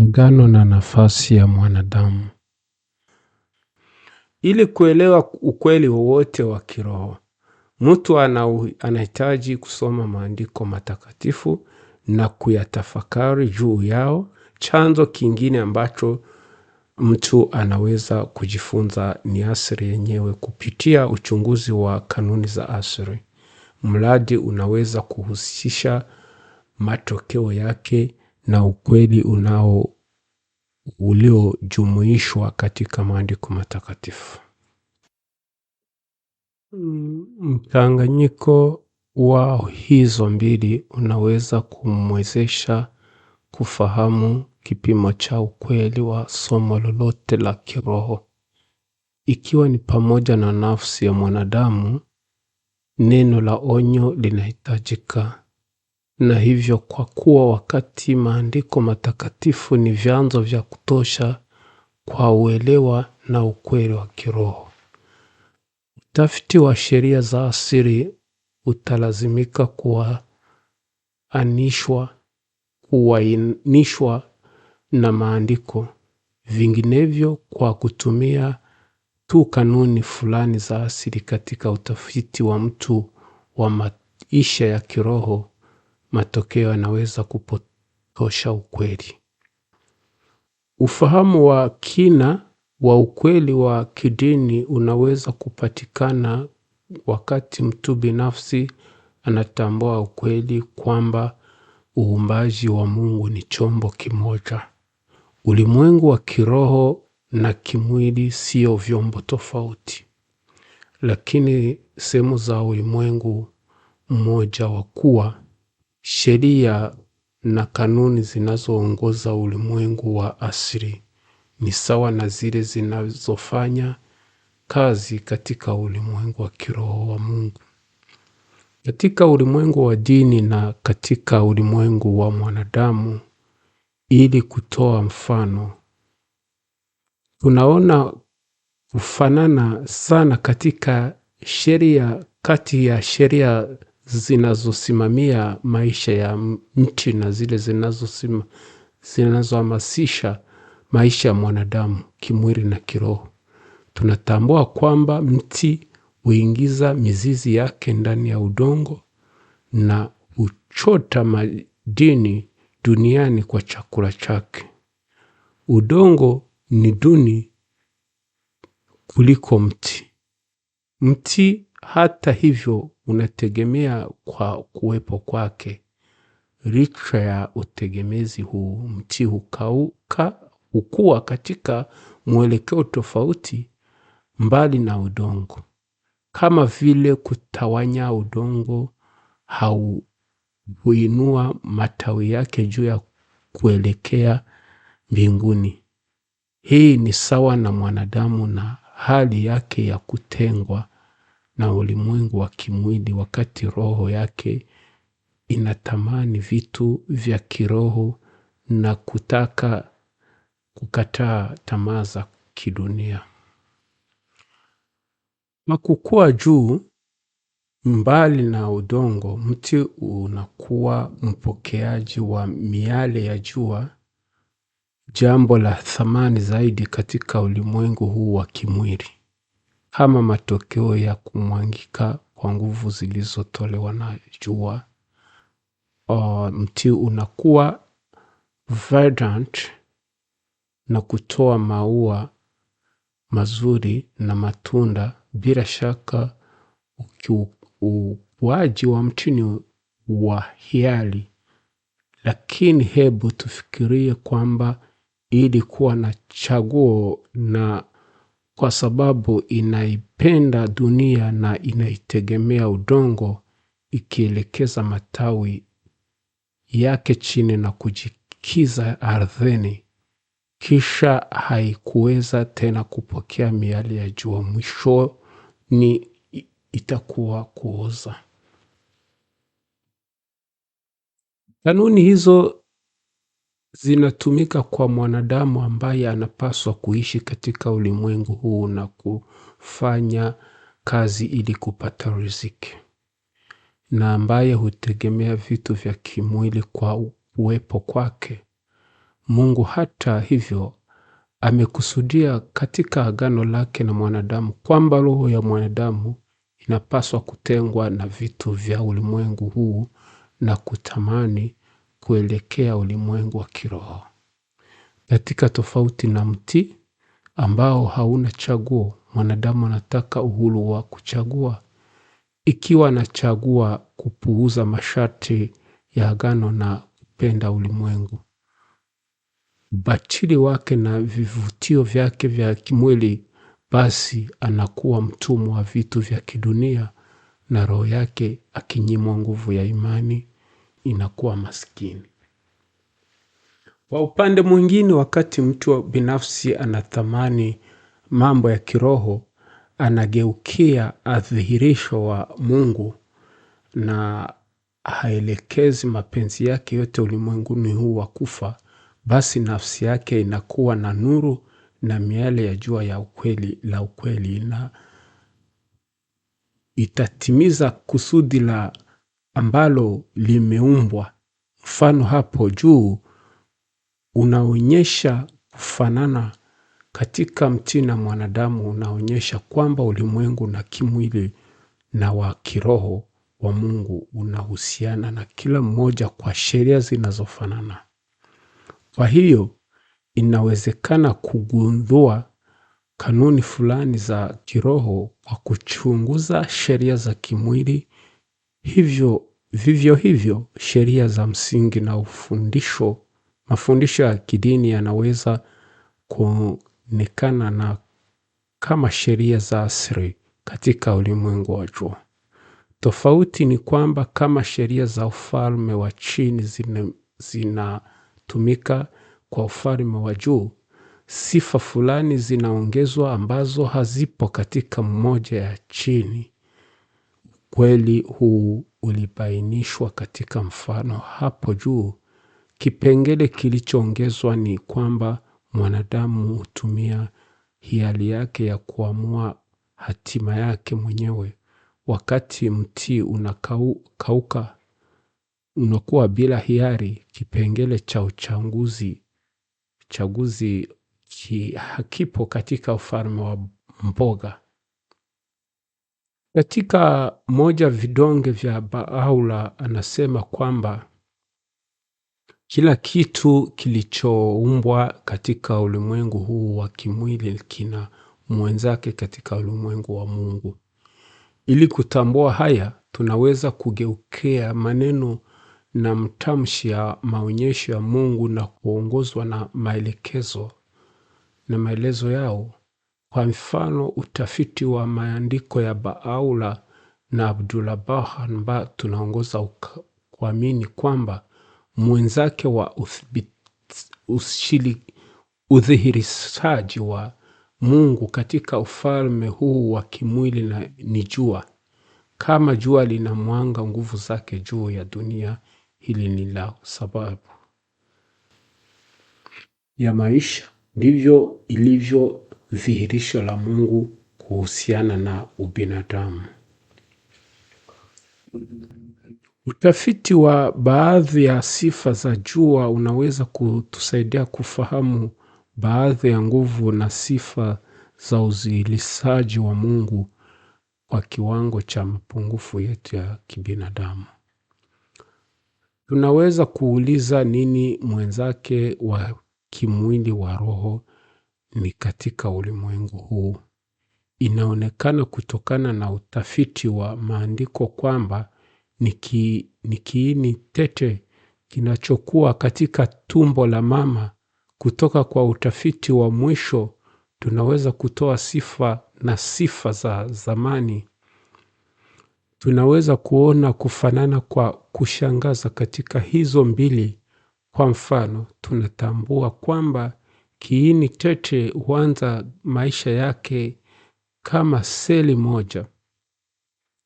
ngano na nafasi ya mwanadamu. Ili kuelewa ukweli wowote wa kiroho, mtu anahitaji kusoma maandiko matakatifu na kuyatafakari juu yao. Chanzo kingine ambacho mtu anaweza kujifunza ni asiri yenyewe kupitia uchunguzi wa kanuni za asiri Mradi unaweza kuhusisha matokeo yake na ukweli unao uliojumuishwa katika maandiko matakatifu. Mchanganyiko wa hizo mbili unaweza kumwezesha kufahamu kipimo cha ukweli wa somo lolote la kiroho, ikiwa ni pamoja na nafsi ya mwanadamu. Neno la onyo linahitajika na hivyo kwa kuwa wakati maandiko matakatifu ni vyanzo vya kutosha kwa uelewa na ukweli wa kiroho. Utafiti wa sheria za asili utalazimika kuwaanishwa kuainishwa na maandiko, vinginevyo kwa kutumia tu kanuni fulani za asili katika utafiti wa mtu wa maisha ya kiroho matokeo yanaweza kupotosha ukweli. Ufahamu wa kina wa ukweli wa kidini unaweza kupatikana wakati mtu binafsi anatambua ukweli kwamba uumbaji wa Mungu ni chombo kimoja. Ulimwengu wa kiroho na kimwili sio vyombo tofauti, lakini sehemu za ulimwengu mmoja wa kuwa Sheria na kanuni zinazoongoza ulimwengu wa asili ni sawa na zile zinazofanya kazi katika ulimwengu wa kiroho wa Mungu. Katika ulimwengu wa dini na katika ulimwengu wa mwanadamu ili kutoa mfano. Tunaona kufanana sana katika sheria kati ya sheria zinazosimamia maisha ya mti na zile zinazohamasisha maisha ya mwanadamu kimwili na kiroho. Tunatambua kwamba mti huingiza mizizi yake ndani ya udongo na huchota madini duniani kwa chakula chake. Udongo ni duni kuliko mti. Mti hata hivyo, unategemea kwa kuwepo kwake. richa ya utegemezi huu, mti hukauka, hukua katika mwelekeo tofauti mbali na udongo, kama vile kutawanya udongo hau huinua matawi yake juu ya kuelekea mbinguni. Hii ni sawa na mwanadamu na hali yake ya kutengwa na ulimwengu wa kimwili wakati roho yake inatamani vitu vya kiroho na kutaka kukataa tamaa za kidunia. Na kukua juu mbali na udongo, mti unakuwa mpokeaji wa miale ya jua, jambo la thamani zaidi katika ulimwengu huu wa kimwili ama matokeo ya kumwangika kwa nguvu zilizotolewa na jua. Uh, mti unakuwa verdant na kutoa maua mazuri na matunda. Bila shaka ukuaji wa mti ni wa hiali lakini hebu tufikirie kwamba ili kuwa na chaguo na kwa sababu inaipenda dunia na inaitegemea udongo ikielekeza matawi yake chini na kujikiza ardhini. Kisha haikuweza tena kupokea miali ya jua. Mwishoni itakuwa kuoza. Kanuni hizo zinatumika kwa mwanadamu ambaye anapaswa kuishi katika ulimwengu huu na kufanya kazi ili kupata riziki, na ambaye hutegemea vitu vya kimwili kwa uwepo kwake. Mungu hata hivyo amekusudia katika agano lake na mwanadamu kwamba roho ya mwanadamu inapaswa kutengwa na vitu vya ulimwengu huu na kutamani kuelekea ulimwengu wa kiroho, katika tofauti na mti ambao hauna chaguo. Mwanadamu anataka uhuru wa kuchagua. Ikiwa anachagua kupuuza masharti ya agano na kupenda ulimwengu, ubatili wake na vivutio vyake vya kimwili, basi anakuwa mtumwa wa vitu vya kidunia na roho yake akinyimwa nguvu ya imani inakuwa maskini. Kwa upande mwingine, wakati mtu binafsi anathamani mambo ya kiroho, anageukia adhihirisho wa Mungu na haelekezi mapenzi yake yote ulimwenguni huu wa kufa, basi nafsi yake inakuwa na nuru na miale ya jua ya ukweli la ukweli, na itatimiza kusudi la ambalo limeumbwa mfano hapo juu unaonyesha kufanana katika mti na mwanadamu unaonyesha kwamba ulimwengu na kimwili na wa kiroho wa Mungu unahusiana na kila mmoja kwa sheria zinazofanana. Kwa hiyo inawezekana kugundua kanuni fulani za kiroho kwa kuchunguza sheria za kimwili Hivyo vivyo hivyo, sheria za msingi na ufundisho mafundisho ya kidini yanaweza kuonekana na kama sheria za asri katika ulimwengu wa juu. Tofauti ni kwamba kama sheria za ufalme wa chini zinatumika zina kwa ufalme wa juu, sifa fulani zinaongezwa ambazo hazipo katika mmoja ya chini. Ukweli huu ulibainishwa katika mfano hapo juu. Kipengele kilichoongezwa ni kwamba mwanadamu hutumia hiari yake ya kuamua hatima yake mwenyewe. Wakati mti unakauka unakuwa bila hiari, kipengele cha uchaguzi chaguzi hakipo katika ufalme wa mboga. Katika moja vidonge vya baaula anasema kwamba kila kitu kilichoumbwa katika ulimwengu huu wa kimwili kina mwenzake katika ulimwengu wa Mungu. Ili kutambua haya, tunaweza kugeukea maneno na mtamshi ya maonyesho ya Mungu na kuongozwa na maelekezo na maelezo yao kwa mfano, utafiti wa maandiko ya Baaula na Abdullah Bahan ba tunaongoza kuamini kwamba mwenzake wa udhihirishaji wa Mungu katika ufalme huu wa kimwili ni jua. Kama jua lina mwanga, nguvu zake juu ya dunia hili ni la sababu ya maisha, ndivyo ilivyo dhihirisho la Mungu kuhusiana na ubinadamu. Utafiti wa baadhi ya sifa za jua unaweza kutusaidia kufahamu baadhi ya nguvu na sifa za uzilisaji wa Mungu kwa kiwango cha mapungufu yetu ya kibinadamu. Tunaweza kuuliza nini mwenzake wa kimwili wa roho ni katika ulimwengu huu. Inaonekana kutokana na utafiti wa maandiko kwamba ni, ni kiini tete kinachokuwa katika tumbo la mama. Kutoka kwa utafiti wa mwisho tunaweza kutoa sifa na sifa za zamani. Tunaweza kuona kufanana kwa kushangaza katika hizo mbili. Kwa mfano, tunatambua kwamba Kiini tete huanza maisha yake kama seli moja.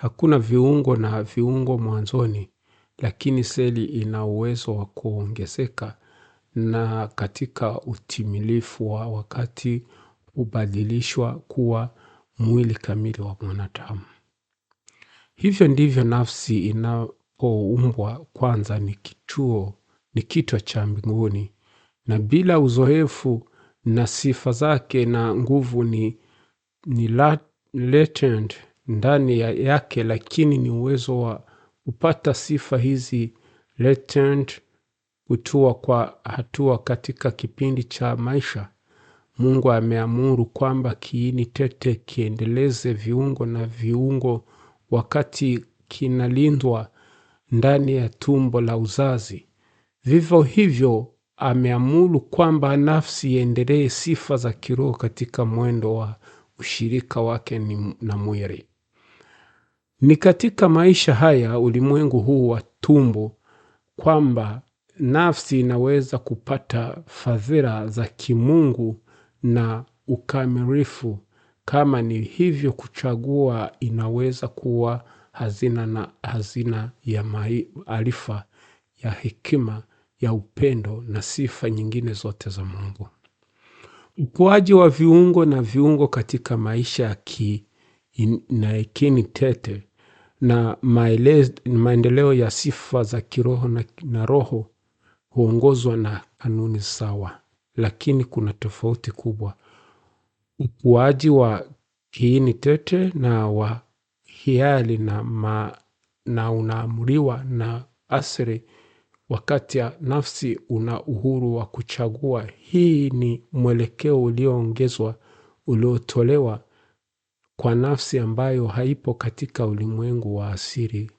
Hakuna viungo na viungo mwanzoni, lakini seli ina uwezo wa kuongezeka na katika utimilifu wa wakati hubadilishwa kuwa mwili kamili wa mwanadamu. Hivyo ndivyo nafsi inapoumbwa. Kwanza ni kituo, ni kito cha mbinguni, na bila uzoefu na sifa zake na nguvu ni, ni latent ndani ya yake, lakini ni uwezo wa kupata sifa hizi latent kutua kwa hatua katika kipindi cha maisha. Mungu ameamuru kwamba kiini tete kiendeleze viungo na viungo wakati kinalindwa ndani ya tumbo la uzazi. Vivyo hivyo ameamuru kwamba nafsi iendelee sifa za kiroho katika mwendo wa ushirika wake na mwili. Ni katika maisha haya, ulimwengu huu wa tumbo, kwamba nafsi inaweza kupata fadhila za kimungu na ukamilifu. Kama ni hivyo kuchagua, inaweza kuwa hazina na hazina ya maarifa ya hekima ya upendo na sifa nyingine zote za Mungu. Ukuaji wa viungo na viungo katika maisha ya kinaekini tete na maendeleo ya sifa za kiroho na, na roho huongozwa na kanuni sawa, lakini kuna tofauti kubwa. Ukuaji wa kiini tete na wa hiali na, na unaamriwa na asiri wakati ya nafsi una uhuru wa kuchagua. Hii ni mwelekeo ulioongezwa uliotolewa kwa nafsi ambayo haipo katika ulimwengu wa asiri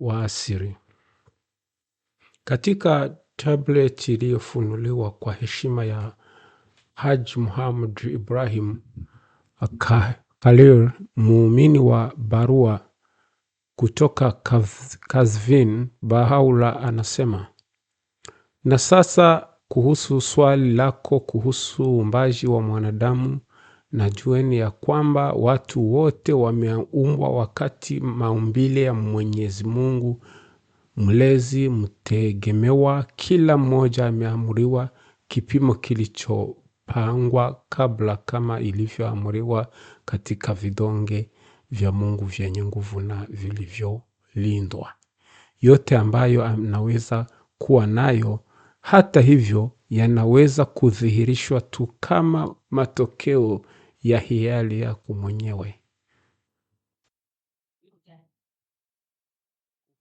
wa asiri. Katika tablet iliyofunuliwa kwa heshima ya Haj Muhammad Ibrahim Khalil, muumini wa barua kutoka Kazvin Bahaula anasema: na sasa kuhusu swali lako kuhusu uumbaji wa mwanadamu, na jueni ya kwamba watu wote wameumbwa wakati maumbile ya Mwenyezi Mungu mlezi mtegemewa. Kila mmoja ameamuriwa kipimo kilichopangwa kabla, kama ilivyoamuriwa katika vidonge vya Mungu vyenye nguvu na vilivyolindwa, yote ambayo anaweza kuwa nayo. Hata hivyo, yanaweza kudhihirishwa tu kama matokeo ya hiari yako mwenyewe.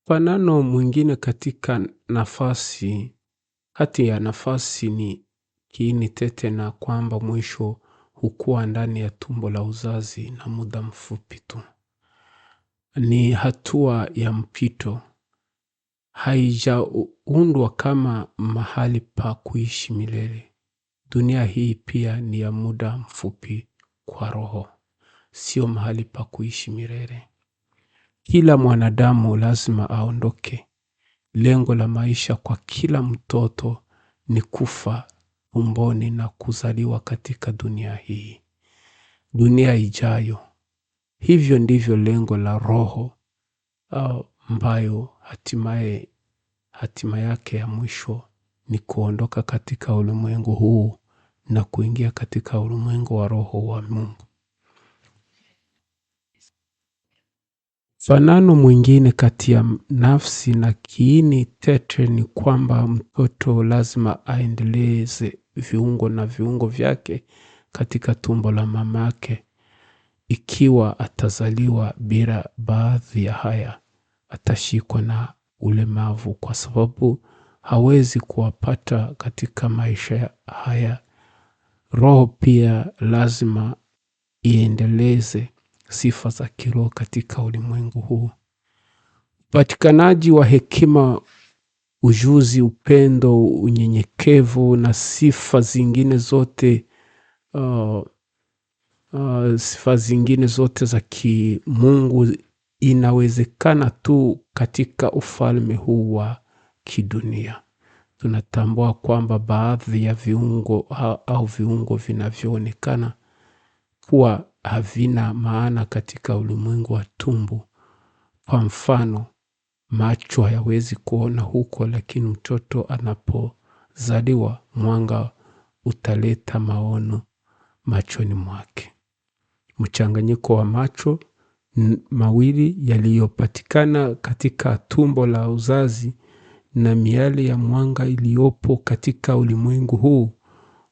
Mfanano mwingine katika nafasi kati ya nafasi ni kiini tete, na kwamba mwisho hukua ndani ya tumbo la uzazi na muda mfupi tu. Ni hatua ya mpito, haijaundwa kama mahali pa kuishi milele. Dunia hii pia ni ya muda mfupi kwa roho, sio mahali pa kuishi milele. Kila mwanadamu lazima aondoke. Lengo la maisha kwa kila mtoto ni kufa umboni na kuzaliwa katika dunia hii, dunia ijayo. Hivyo ndivyo lengo la roho ambayo hatimaye hatima yake ya mwisho ni kuondoka katika ulimwengu huu na kuingia katika ulimwengu wa roho wa Mungu. Fanano mwingine kati ya nafsi na kiini tete ni kwamba mtoto lazima aendeleze viungo na viungo vyake katika tumbo la mamake. Ikiwa atazaliwa bila baadhi ya haya, atashikwa na ulemavu kwa sababu hawezi kuwapata katika maisha haya. Roho pia lazima iendeleze sifa za kiroho katika ulimwengu huu. Upatikanaji wa hekima ujuzi, upendo, unyenyekevu na sifa zingine zote uh, uh, sifa zingine zote za kimungu inawezekana tu katika ufalme huu wa kidunia. Tunatambua kwamba baadhi ya viungo au viungo vinavyoonekana kuwa havina maana katika ulimwengu wa tumbo. Kwa mfano, macho hayawezi kuona huko, lakini mtoto anapozaliwa mwanga utaleta maono machoni mwake. Mchanganyiko wa macho mawili yaliyopatikana katika tumbo la uzazi na miale ya mwanga iliyopo katika ulimwengu huu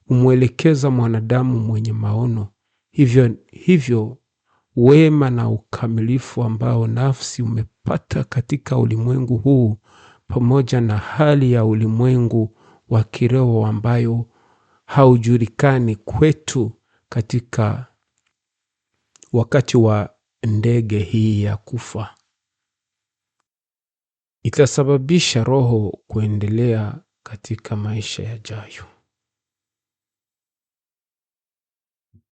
humwelekeza mwanadamu mwenye maono hivyo, hivyo wema na ukamilifu ambao nafsi umepata katika ulimwengu huu pamoja na hali ya ulimwengu wa kiroho ambayo haujulikani kwetu katika wakati wa ndege hii ya kufa. Itasababisha roho kuendelea katika maisha yajayo.